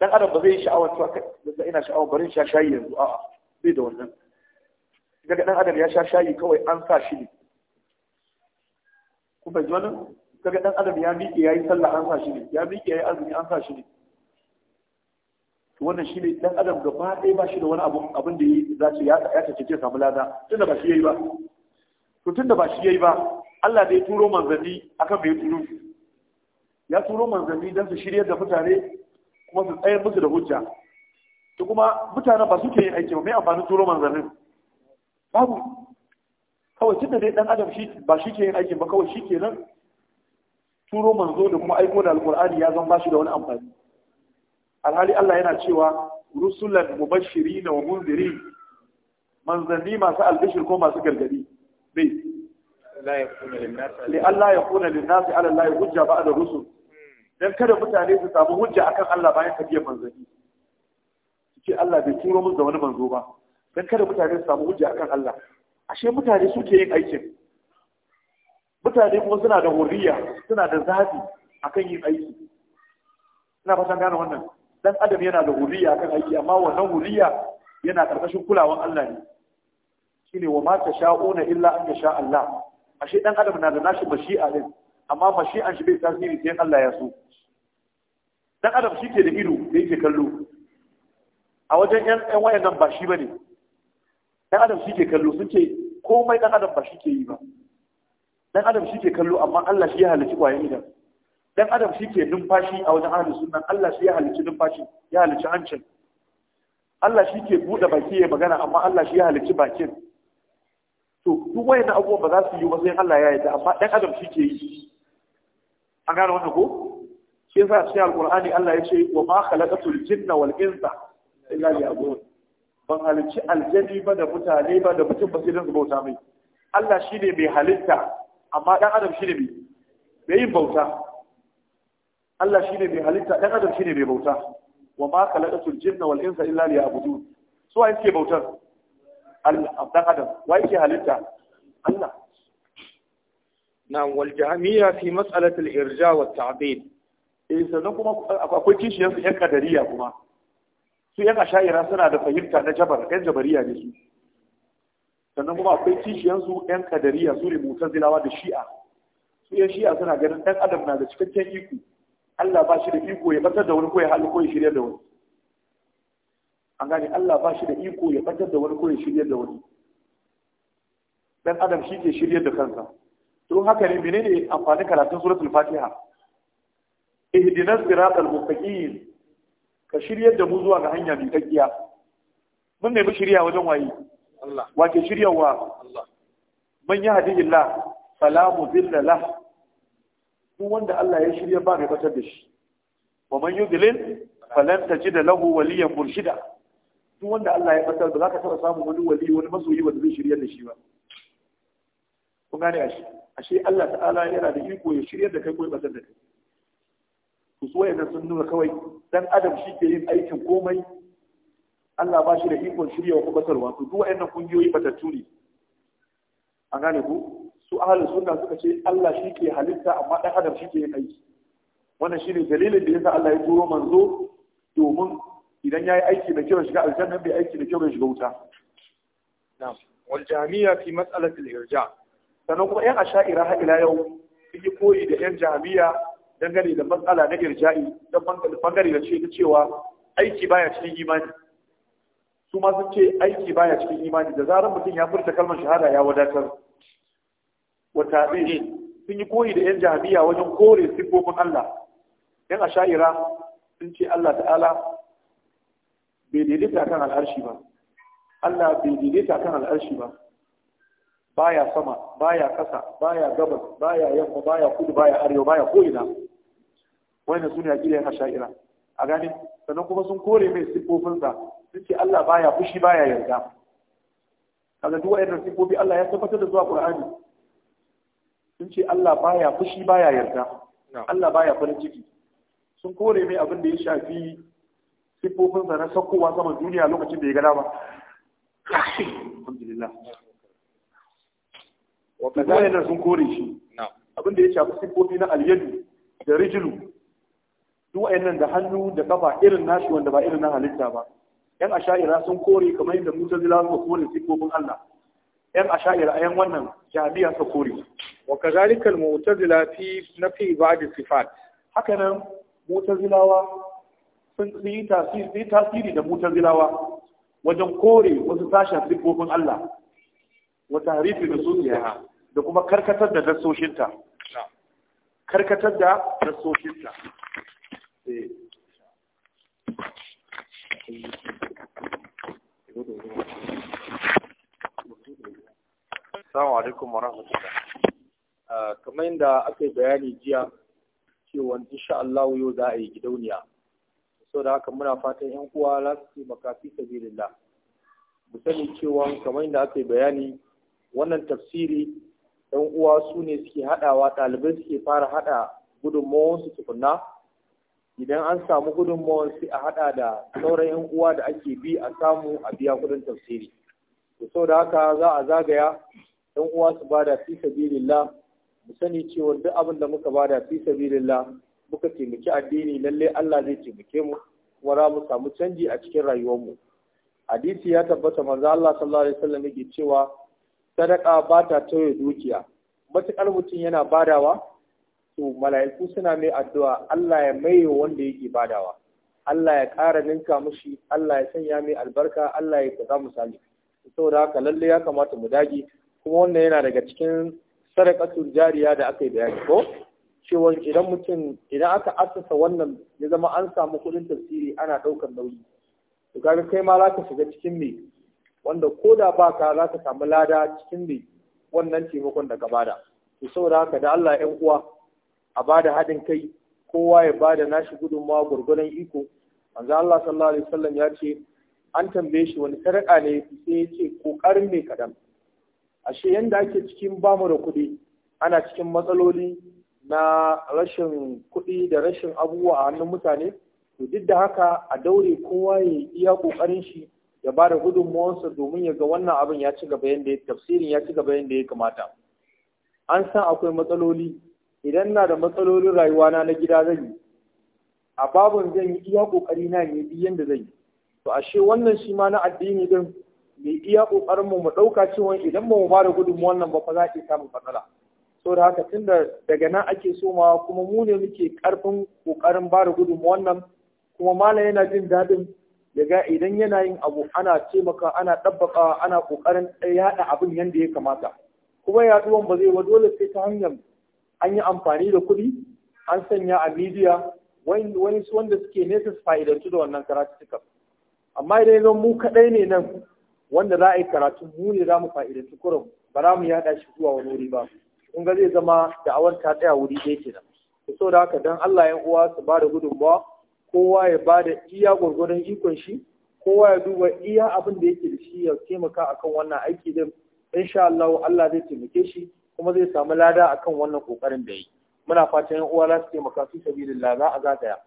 dan adam ba zai sha'awar cewa da ina sha'awar barin sha shayi yanzu a'a bai da wannan daga dan adam ya sha shayi kawai an sa shi ne ku bai wannan daga dan adam ya miƙe yayi sallah an sa shi ne ya miƙe yayi azumi an sa shi ne To wannan shi ne dan adam gaba ɗaya ba shi da wani abin da za su ya ya tace samu lada tunda ba shi yayi ba to tunda ba shi yayi ba Allah da ya turo manzanni akan bai turo ya turo manzanni don su shirya da mutane kuma su tsayar musu da hujja to kuma mutanen ba suke yin aiki ba mai amfanin turo manzannin babu kawai cikin dai dan adam shi ba shi ke yin aikin ba kawai shi ke nan turo manzo da kuma aiko da alkur'ani ya zan bashi da wani amfani alhali Allah yana cewa rusulan na wa munziri manzanni masu albishir ko masu gargadi bai la yakuna lin-nasi ala Allah hujja ba'da rusul dan kada mutane su samu hujja akan Allah bayan tafiyar manzanni ce Allah bai turo musu da wani manzo ba dan kada mutane su samu hujja akan Allah ashe mutane suke yin aikin mutane kuma suna da hurriya suna da zafi akan yin aiki ina fatan gane wannan dan adam yana da hurriya akan aiki amma wannan hurriya yana karkashin kulawan Allah ne shine wa ma tasha'una illa an yasha Allah ashe dan adam na da nashi mashi'a din amma mashi'an shi bai tasiri sai Allah ya so dan adam shi ke da ido da yake kallo a wajen yan yan wayannan ba shi bane dan adam shi ke kallo sun ce komai dan adam ba shi ke yi ba dan adam shi ke kallo amma Allah shi ya halici kwayan idan dan adam shi ke numfashi a wajen ahlus sunna Allah shi ya halici numfashi ya halici hancin Allah shi ke bude baki ya magana amma Allah shi ya halici bakin to duk wayannan abubuwan ba za su yi ba sai Allah ya yi amma dan adam shi ke yi an gano wannan ko shi yasa cikin alqur'ani Allah ya ce wa ma khalaqatul jinna wal insa illa liya'budun ban halicci aljani ba da mutane ba da mutum ba sai don su bauta mai Allah shi ne mai halitta amma ɗan adam shi ne mai yin bauta Allah shi ne mai halitta ɗan adam shi ne mai bauta wa ma khalaqatul jinna wal insa illa liya'budun su wa yake bautar Allah ɗan adam wa ke halitta Allah Na wal jahmiya fi mas'alat al irja wa ta'dil eh sannan kuma akwai kishiyar su yan kadariya kuma su yan ashayira suna da fahimta na jabar yan jabariya ne su sannan kuma akwai kishiyar su yan kadariya su ne mutazilawa da shi'a su yan shi'a suna ganin dan adam na da cikakken iko Allah ba shi da iko ya batar da wani ko ya halu ko ya shirya da wani an gani Allah ba shi da iko ya batar da wani ko ya shirya da wani dan adam shi ke shirya da kansa don haka ne menene amfanin karatun suratul fatiha ihdinas siratal mustaqim ka shiryar da mu zuwa ga hanya mai takiya mun nemi shirya wajen waye Allah wace shiryawa Allah man yahdihillah fala mudilla lah duk wanda Allah ya shirya ba mai batar da shi wa man yudlil falan tajid lahu waliyan murshida duk wanda Allah ya batar ba za ka taba samun wani wali wani masoyi wanda zai shirya da shi ba kun gane ashe ashe Allah ta'ala yana da iko ya shirya da kai ko ya batar da kai to su wayannan sun nuna kawai dan adam shi ke yin aikin komai Allah ba shi da ikon shirya wa kubatarwa to duk wayannan kungiyoyi batattu ne an gane ku su ahlus sunna suka ce Allah shi ke halitta amma dan adam shi ke yin aiki wannan shine dalilin da yasa Allah ya turo manzo domin idan yayi aiki da kyau shiga aljanna bai aiki da kyau shiga wuta na'am wal jami'a fi mas'alatil irja' sannan kuma yan asha'ira har ila yau sun yi koyi da yan jami'a dangane da matsala na irja'i don bangare da ce ta cewa aiki baya cikin imani su ma sun ce aiki baya cikin imani da zarar mutum ya furta kalmar shahada ya wadatar wata ɗaya sun yi koyi da 'yan jami'a wajen kore siffofin Allah yan asha'ira sun ce Allah ta'ala bai daidaita kan al'arshi ba Allah bai daidaita kan al'arshi ba baya sama baya kasa baya gabas baya yamma baya kudu baya arewa baya ko'ina wani su ne aƙilayen asha'ira a gani sannan kuma sun kore mai siffofinsa sun ce Allah baya fushi baya yarda kaga duk sun siffofi Allah ya tabbatar da zuwa Qur'ani sun ce Allah baya fushi baya yarda Allah baya farin ciki sun kore mai abin da ya shafi siffofinsa na sakkowa zaman duniya lokacin da ya gada ba alhamdulillah wayannan sun kore shi Abinda ya shafi sifofi na alyadu da rijilu duk da hannu da kafa irin nashi wanda ba irin na halitta ba yan asha'ira sun kore kamar yadda Allah yan wannan jami'a suka kore wa kazalika mutazila fi nafi ba'd sifat haka nan mutazilawa sun yi tasiri da mutazilawa wajen kore wasu sashen sifofin Allah wa tarifi da su ya da kuma karkatar da dasoshinta. karkatar da dasoshinta. Eh. Assalamu alaikum wa rahmatullah. Ah, kamar yadda aka yi bayani jiya cewa insha Allah yau za a yi gidauniya. da haka muna fatan yan uwa za su taimaka fi sabilillah. Mu sani cewa kamar yadda aka yi bayani wannan tafsiri ɗan uwa su ne suke haɗawa ɗalibai suke fara haɗa gudunmawar su tukunna idan an samu gudunmawar sai a haɗa da sauran yan uwa da ake bi a samu a biya kuɗin tafsiri to da haka za a zagaya ɗan uwa su bada fi sabilillah mu sani cewa duk abin da muka bada fi sabilillah muka taimaki addini lalle Allah zai taimake mu kuma za mu samu canji a cikin rayuwar mu. hadisi ya tabbata manzo Allah sallallahu alaihi wasallam yake cewa sadaka ba ta tauye dukiya Matukar mutum yana badawa to mala'iku suna mai addu'a Allah ya maye wanda yake badawa Allah ya ƙara ninka mushi Allah ya sanya mai albarka Allah ya kaza misali saboda haka lalle ya kamata mu dage kuma wannan yana daga cikin sadaqatul jariya da aka yi bayani ko cewa idan mutum idan aka assasa wannan ya zama an samu kuɗin tafsiri ana ɗaukar nauyi to kaga kai ma za ka shiga cikin me wanda ko da ba ka za ka samu lada cikin ne wannan taimakon da ka bada to saboda haka da Allah 'yan uwa a bada haɗin kai kowa ya bada nashi gudunmawa gurgurdan iko manzo Allah sallallahu alaihi wasallam ya ce an tambaye shi wani sarƙa ne sai ya ce kokarin ne kadan ashe yanda ake cikin bamu da kuɗi ana cikin matsaloli na rashin kuɗi da rashin abubuwa a hannun mutane to duk da haka a daure kowa ya iya ƙoƙarin shi ya ba da gudunmuwansa domin ya ga wannan abin ya ci gaba yadda ya tafsirin ya ci gaba yadda ya kamata an san akwai matsaloli idan na da matsalolin rayuwana na gida zan yi a babin zan yi iya kokari na ne bi yadda zan yi to ashe wannan shi ma na addini din mai iya kokarin mu mu dauka cewa idan ba mu ba da gudunmuwan nan ba fa za a iya samun matsala saboda haka tunda daga nan ake somawa kuma mu ne muke karfin kokarin ba da gudunmuwan nan kuma malam yana jin daɗin Daga idan yana yin abu ana taimaka ana ɗabbaka ana ƙoƙarin yaɗa abin yadda ya kamata kuma yaɗuwan ba zai ba dole sai ta hanyar an yi amfani da kuɗi an sanya a midiya wani su wanda suke nesa su fa'idantu da wannan suka amma idan yanzu mu kaɗai ne nan wanda za a yi karatu mu ne za mu fa'idantu kurum ba za mu yaɗa shi zuwa wani wuri ba kun ga zai zama da da'awar ta tsaya wuri ɗaya kenan to saboda haka dan Allah ya uwa su ba da gudunmawa kowa ya ba da iya gwargwadon ikon shi kowa ya duba iya abin da yake da shi ya taimaka akan wannan aiki din insha Allah Allah zai taimake shi kuma zai samu lada akan wannan kokarin da yi muna fatan yan uwa za su taimaka su sabilillah za a zagaya